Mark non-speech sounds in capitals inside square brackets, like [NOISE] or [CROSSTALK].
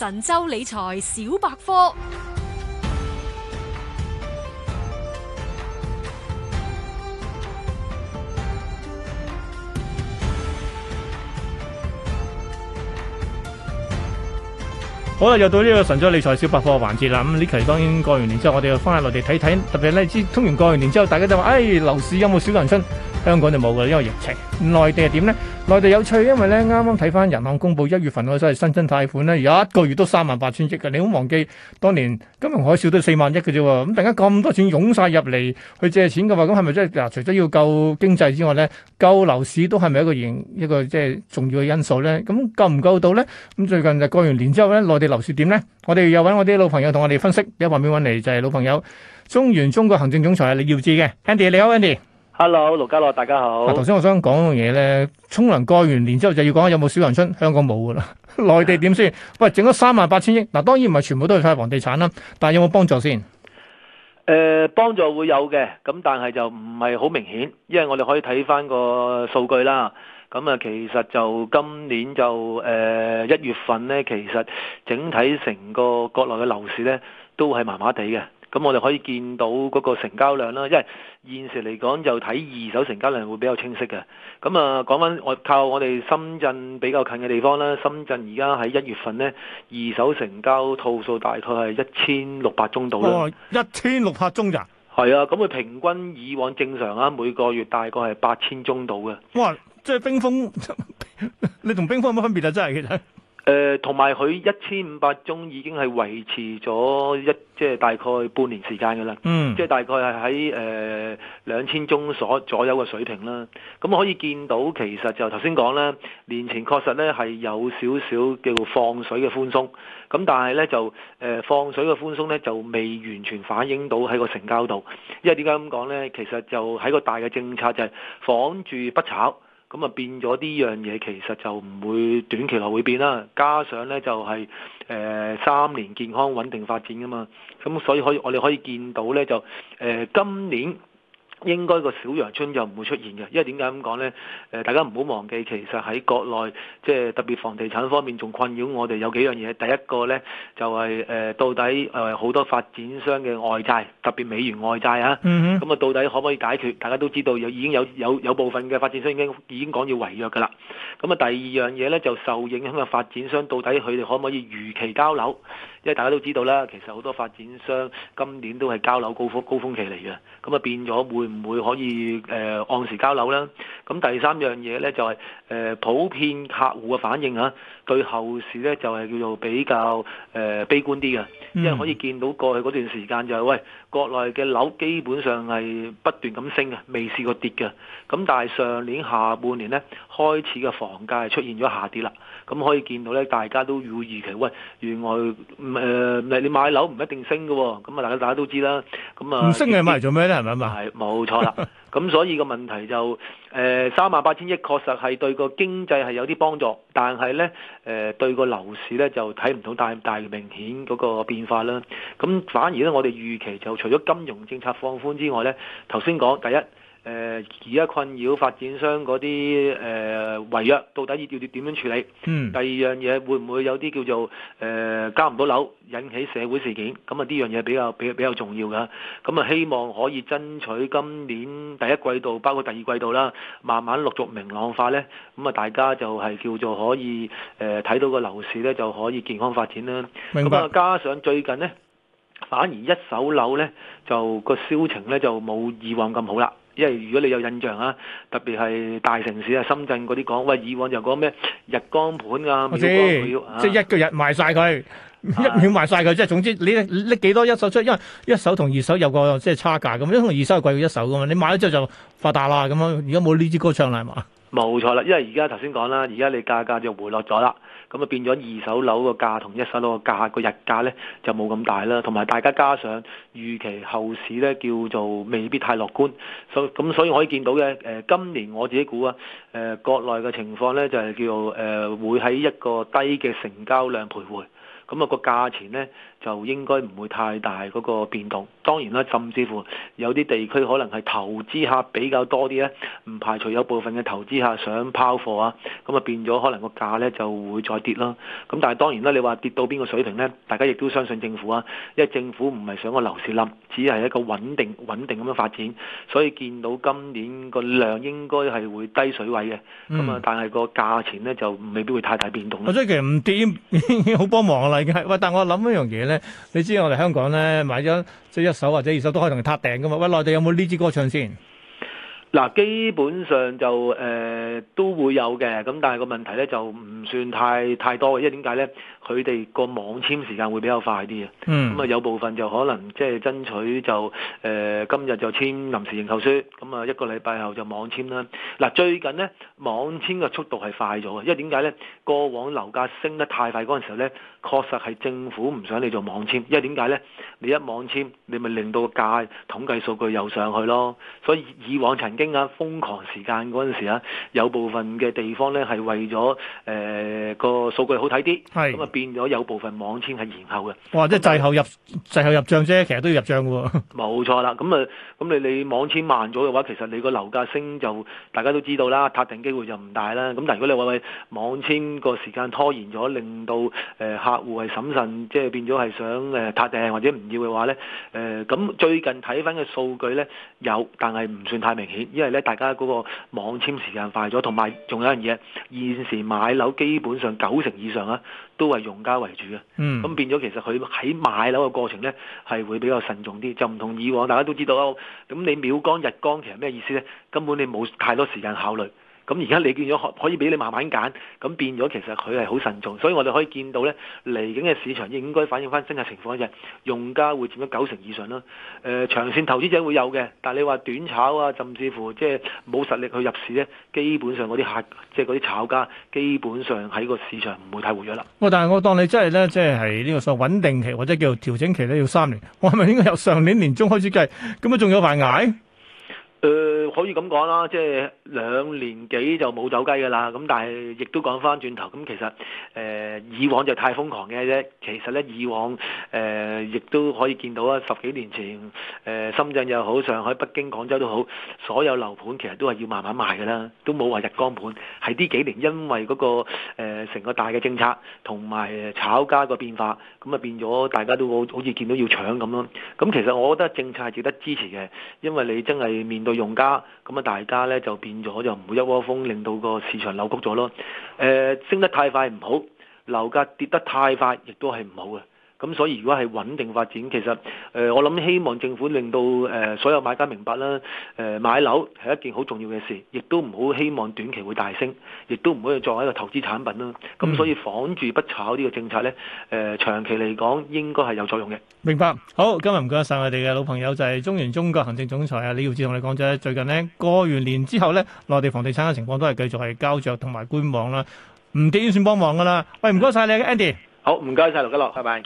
神州理財小百科，好啦，又到呢個神州理財小百科嘅環節啦。咁呢期當然過完年之後，我哋就翻喺內地睇睇，特別咧知通完過完年之後，大家就話，誒、哎，樓市有冇小陽春？香港就冇噶，因為疫情。內地係點呢？內地有趣，因為呢啱啱睇翻人行公布一月份嗰個即新增貸款，而家一個月都三萬八千億嘅。你好忘記當年金融海嘯都四萬億嘅啫喎。咁突然間咁多錢湧晒入嚟去借錢嘅話，咁係咪真係嗱？除咗要救經濟之外呢，救樓市都係咪一個嚴一個即係重要嘅因素呢？咁救唔救到呢？咁最近就過完年之後呢，內地樓市點呢？我哋又搵我啲老朋友同我哋分析。一方面搵嚟就係老朋友中原中國行政總裁李耀智嘅 Andy，你好 Andy。hello，盧家樂，大家好。頭先、啊、我想講嘅嘢呢，沖涼過完年之後就要講有冇小陽春，香港冇噶啦。內 [LAUGHS] 地點先？喂，整咗三萬八千億，嗱、啊，當然唔係全部都係發房地產啦，但係有冇幫助先？誒、呃，幫助會有嘅，咁但係就唔係好明顯，因為我哋可以睇翻個數據啦。咁啊，其實就今年就誒一、呃、月份呢，其實整體成個國內嘅樓市呢，都係麻麻地嘅。咁、嗯、我哋可以見到嗰個成交量啦，因為現時嚟講就睇二手成交量會比較清晰嘅。咁、嗯、啊，講返我靠我哋深圳比較近嘅地方啦，深圳而家喺一月份呢，二手成交套數大概係一千六百宗度啦。一千六百宗咋？係啊，咁佢、啊嗯、平均以往正常啊，每個月大概係八千宗度嘅。哇！即、就、係、是、冰封， [LAUGHS] 你同冰封有乜分別啊？真係嘅。其實誒同埋佢一千五百宗已經係維持咗一即係大概半年時間㗎啦，嗯，即係大概係喺誒兩千宗所左右嘅水平啦。咁可以見到其實就頭先講啦，年前確實咧係有少少叫放水嘅寬鬆，咁但係咧就誒、呃、放水嘅寬鬆咧就未完全反映到喺個成交度，因為點解咁講咧？其實就喺個大嘅政策就係房住不炒。咁啊變咗呢樣嘢，其實就唔會短期內會變啦。加上咧就係誒三年健康穩定發展啊嘛，咁所以可以我哋可以見到咧就誒、呃、今年。應該個小陽春就唔會出現嘅，因為點解咁講呢？誒，大家唔好忘記，其實喺國內，即係特別房地產方面仲困擾我哋有幾樣嘢。第一個呢，就係誒，到底誒好多發展商嘅外債，特別美元外債啊。咁啊、mm，hmm. 到底可唔可以解決？大家都知道有，又已經有有有部分嘅發展商已經已經講要違約噶啦。咁啊，第二樣嘢呢，就受影響嘅發展商，到底佢哋可唔可以如期交樓？因為大家都知道啦，其實好多發展商今年都係交樓高,高峰高峯期嚟嘅。咁啊，變咗會。唔會可以誒按時交樓啦。咁第三樣嘢呢，就係誒普遍客戶嘅反應吓，對後市呢就係叫做比較誒悲觀啲嘅，因為可以見到過去嗰段時間就係喂國內嘅樓基本上係不斷咁升嘅，未試過跌嘅。咁但係上年下半年呢，開始嘅房價係出現咗下跌啦。咁可以見到呢，大家都預預期喂，原來誒唔係你買樓唔一定升㗎喎。咁啊，大家大家都知啦。唔升嘅買嚟做咩咧？係咪啊？係，冇 [LAUGHS] 錯啦。咁所以個問題就，誒三萬八千億確實係對個經濟係有啲幫助，但係咧，誒、呃、對個樓市咧就睇唔到太大，大明顯嗰個變化啦。咁反而咧，我哋預期就除咗金融政策放寬之外咧，頭先講第一，誒而家困擾發展商嗰啲誒違約，到底要要點樣處理？嗯。第二樣嘢會唔會有啲叫做誒交唔到樓，引起社會事件？咁啊，呢樣嘢比較比較比較重要嘅。咁啊，希望可以爭取今年第一季度，包括第二季度啦，慢慢陸續明朗化呢。咁啊，大家就係叫做可以誒睇、呃、到個樓市呢，就可以健康發展啦。明白。咁啊，加上最近呢，反而一手樓呢，就個銷情呢，就冇以往咁好啦。因為如果你有印象啊，特別係大城市啊，深圳嗰啲講，喂，以往就講咩日光盤啊，秒光盤啊，即係一日賣晒佢，一秒賣晒佢，即係總之你拎幾多一手出，因為一手同二手有個即係差價咁，因為同二手係貴過一手噶嘛，你買咗之後就發達啦咁樣，而家冇呢支歌唱啦係嘛？冇錯啦，因為而家頭先講啦，而家你價格就回落咗啦。咁啊變咗二手樓個價同一手樓個價個日價呢就冇咁大啦，同埋大家加上預期後市呢叫做未必太樂觀，所咁所以可以見到嘅。誒、呃、今年我自己估啊誒、呃、國內嘅情況呢就係、是、叫做誒、呃、會喺一個低嘅成交量徘徊。咁啊個價錢呢，就應該唔會太大嗰個變動。當然啦，甚至乎有啲地區可能係投資客比較多啲呢，唔排除有部分嘅投資客想拋貨啊。咁啊變咗可能個價呢就會再跌咯。咁但係當然啦，你話跌到邊個水平呢，大家亦都相信政府啊，因為政府唔係想個樓市冧，只係一個穩定穩定咁樣發展。所以見到今年個量應該係會低水位嘅。咁啊、嗯，但係個價錢呢，就未必會太大變動。所以、嗯、其實唔跌，已經好幫忙啦。喂，但係我諗一樣嘢咧，你知我哋香港咧，買咗即係一手或者二手都可以同人撻訂噶嘛？喂，內地有冇呢支歌唱先？嗱，基本上就誒都會有嘅，咁但係個問題咧，就唔算太太多嘅，因為點解咧？佢哋個網簽時間會比較快啲嘅，咁啊有部分就可能即係爭取就誒、呃、今日就簽臨時認購書，咁啊一個禮拜後就網簽啦。嗱，最近呢，網簽嘅速度係快咗嘅，因為點解呢？過往樓價升得太快嗰陣時候呢，確實係政府唔想你做網簽，因為點解呢？你一網簽，你咪令到個價統計數據又上去咯。所以以往曾經啊瘋狂時間嗰陣時啊，有部分嘅地方呢係為咗誒、呃、個數據好睇啲，咁變咗有部分網簽係延後嘅，或者係滯後入滯但後入帳啫，其實都要入帳喎。冇 [LAUGHS] 錯啦，咁啊，咁你你網簽慢咗嘅話，其實你個樓價升就大家都知道啦，撻訂機會就唔大啦。咁但係如果你話喂網簽個時間拖延咗，令到誒、呃、客戶係審慎，即係變咗係想誒撻、呃、訂或者唔要嘅話呢。誒、呃、咁最近睇翻嘅數據呢，有，但係唔算太明顯，因為呢大家嗰個網簽時間快咗，同埋仲有一樣嘢，現時買樓基本上九成以上啊，都係。用家為主嘅，嗯，咁變咗其實佢喺買樓嘅過程咧，係會比較慎重啲，就唔同以往大家都知道啦。咁你秒光日光，其實咩意思咧？根本你冇太多時間考慮。咁而家你見咗可以俾你慢慢揀，咁變咗其實佢係好慎重，所以我哋可以見到呢，嚟緊嘅市場應該反映翻真實情況嘅，用家會佔咗九成以上啦。誒、呃、長線投資者會有嘅，但係你話短炒啊，甚至乎即係冇實力去入市呢，基本上嗰啲客即係嗰啲炒家，基本上喺個市場唔會太活躍啦、哦。但係我當你真係呢，即係係呢個所謂穩定期或者叫調整期咧，要三年，我係咪應該由上年年中開始計？咁啊，仲有排捱？誒、呃、可以咁講啦，即係兩年幾就冇走雞㗎啦。咁但係亦都講翻轉頭，咁其實誒、呃、以往就太瘋狂嘅啫。其實咧以往誒亦、呃、都可以見到啊，十幾年前誒、呃、深圳又好，上海、北京、廣州都好，所有樓盤其實都係要慢慢賣㗎啦，都冇話日光盤。係呢幾年因為嗰、那個成、呃、個大嘅政策同埋炒家個變化，咁啊變咗大家都好似見到要搶咁咯。咁其實我覺得政策係值得支持嘅，因為你真係面對。用家咁啊，大家咧就變咗就唔會一窩蜂，令到個市場扭曲咗咯。誒、呃，升得太快唔好，樓價跌得太快亦都係唔好嘅。咁所以如果係穩定發展，其實誒、呃、我諗希望政府令到誒、呃、所有買家明白啦，誒、呃、買樓係一件好重要嘅事，亦都唔好希望短期會大升，亦都唔可以作為一個投資產品啦。咁、啊嗯、所以房住不炒呢個政策咧，誒、呃、長期嚟講應該係有作用嘅。明白。好，今日唔該晒我哋嘅老朋友就係、是、中原中國行政總裁啊李耀智同你講咗，最近呢，過完年之後咧，內地房地產嘅情況都係繼續係膠着同埋觀望啦，唔跌先算幫忙噶啦。喂，唔該晒你嘅 Andy，好唔該晒，盧家樂，拜拜。